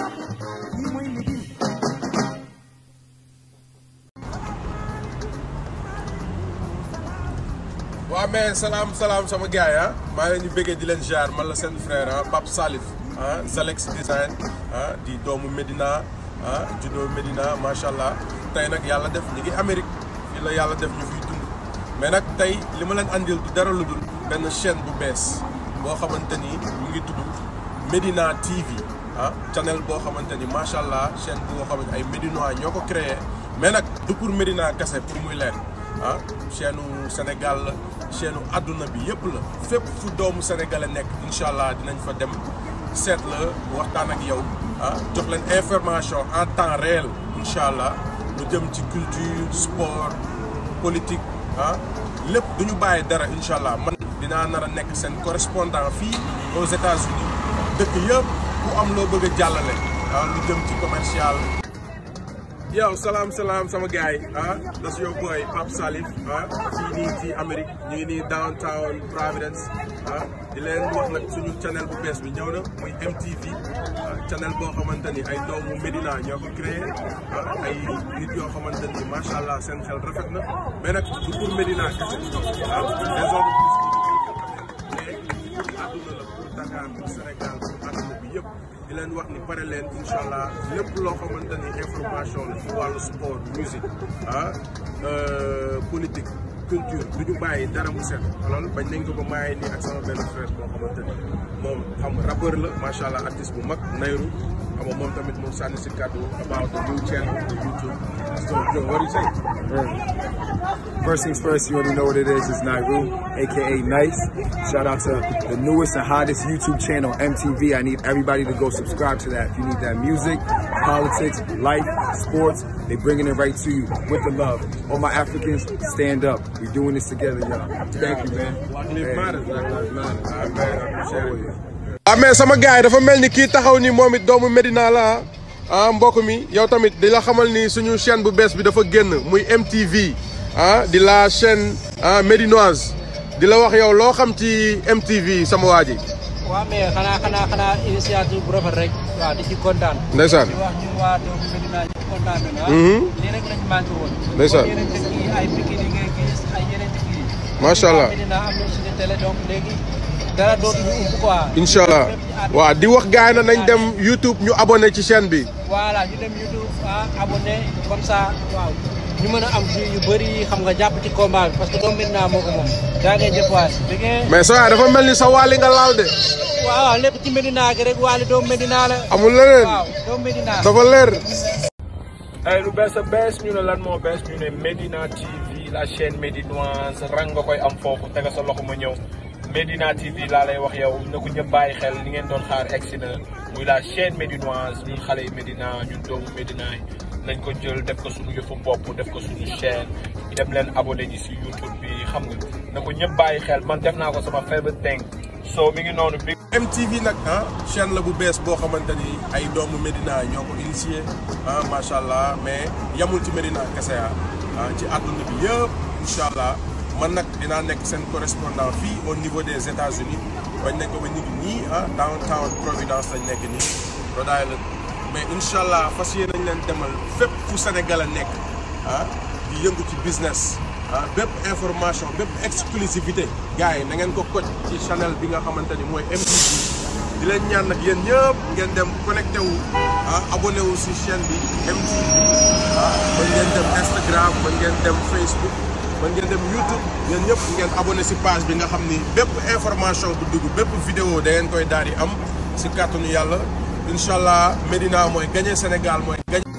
lii amee salaam salaam sama gars yi ah. maa ngi leen di bëggee di leen ziar man la seen frère ah Pape Salif ah Zalex design ah, di doomu Medina ah juddoo Medina macha allah tey nag yàlla def ñu ngi Amérique fii la yàlla def ñu fiy dund mais nag tey li ma leen andil du dara lu benn chaîne bu bees boo xamante ni mu ngi tudd Medina TV. ah channel boo xamante ni macha allah chaîne boo xamante ay médinois ñoo ko créé mais nag du pour médina kese pour muy leen ah chaîne Sénégal la àdduna bi yëpp la fépp fu doomu sénégalais nekk incha allah dinañ fa dem seet la waxtaan ak yow ah jox leen information en temps réel incha allah lu jëm ci culture sport politique ah, lépp du ñu bàyyi dara incha allah man dinaa nar a nekk seen correspondant fii aux États-Unis dëkk yëpp. ku am loo bëgg jàllale ah lu jëm ci commercial. yow salaam salaam sama gars yi ah das yow Salif ah nii fii Amérique ñu ngi nii downtown Providence ah, di leen wax nag suñu channel bu bees bi ñëw na muy MTV ah, channel boo xamante ni ay doomu Medina ñoo ko créé ah, ay nit yoo xamante ni allah seen xel rafet na mais nag du pour Medina kese ah raison de plus mais pour àdduna la pour Dakar pour Sénégal yëpp di leen wax ni pare leen incha allah lépp loo xamante ni information la ci wàllu sport musique ah euh, politique culture du ñu yi dara mu set loolu bañ nañ ko ba maayee nii ak sama benn frère boo xamante moom xam rappeur la macha allah artiste bu mag Nayru. xam nga moom tamit moom sànni si kàddu about the new channel on YouTube. So, Joe, what do you think? Right. First things first, you already know what it is. It's Nairu, aka Nice. Shout out to the newest and hottest YouTube channel, MTV. I need everybody to go subscribe to that. If you need that music, politics, life, sports, they bringing it right to you with the love. All my Africans, stand up. We're doing this together, y'all. Thank you, man. Black Lives Matter. Black Lives Matter. ah sama gars yi dafa mel ni kii taxaw ni moom it doomu Medina la ah mbokk mi yow tamit di la xamal ni suñu chaîne bu bees bi dafa génn muy MTV ah di la chaîne ah, médinoise di la wax yow loo xam ci MTV sama waa ji. rafet rek. waaw ah. mm-hmm. yi ay Pikine yi allah dara dootu ñu di wax gars yi na nañ dem ñu abonné ci chaîne bi. voilà ñu dem ah, ñu mën a am yu bëri xam nga jàpp ci parce que doomu Médina moo ko moom. dafa mel ni sa waali nga laal de. waaw lépp ci Médina gi rek waali doomu Médina la. amul leneen waaw dafa leer. ay lu bees a bees ñu ne lan moo bees ñu ne Médina TV la chaîne médinoise rang nga koy am foofu tega sa loxo ma ñëw. Médina TV laa lay wax yow na ko ñëpp bàyyi xel ni ngeen doon xaar egsi na muy laa chaîne médinoise ñun xale yi Médina ñun doomu Médina nañ ko jël def ko suñu yëfu bopp def ko suñu chaîne dem leen abonné ji si YouTube bi xam nga na ko ñëpp bàyyi xel man def naa ko sama favorite thing so mi ngi noonu bi MTV nag ah la bu bees boo xamante ni ay doomu Médina ñoo ko initié ah macha allah mais yamul ci Médina kese ah, ah ci àdduna bi yëpp incha allah man nag dinaa nekk seen correspondant fii au niveau des États-Unis bañ nañ ko ba ñu ngi nii ah downtown Providence lañ nekk nii Rhode Island mais incha allah fas yéene nañ leen demal fépp fu Sénégal a nekk ah di yëngu ci business ah bépp information bépp exclusivité gars yi na ngeen ko koj ci channel bi nga xamante ni mooy MTV di leen ñaan nag yéen ñëpp ngeen dem connecté wu ah abonné wu si chaîne bi MTV ah bañ ngeen dem Instagram bañ ngeen dem Facebook mën ngeen dem YouTube ngeen ñëpp ngeen abonné si page bi nga xam ni bépp information bu dugg bépp vidéo da koy daal di am si kàttanu yàlla incha allah Medina mooy gagné Sénégal mooy gagné.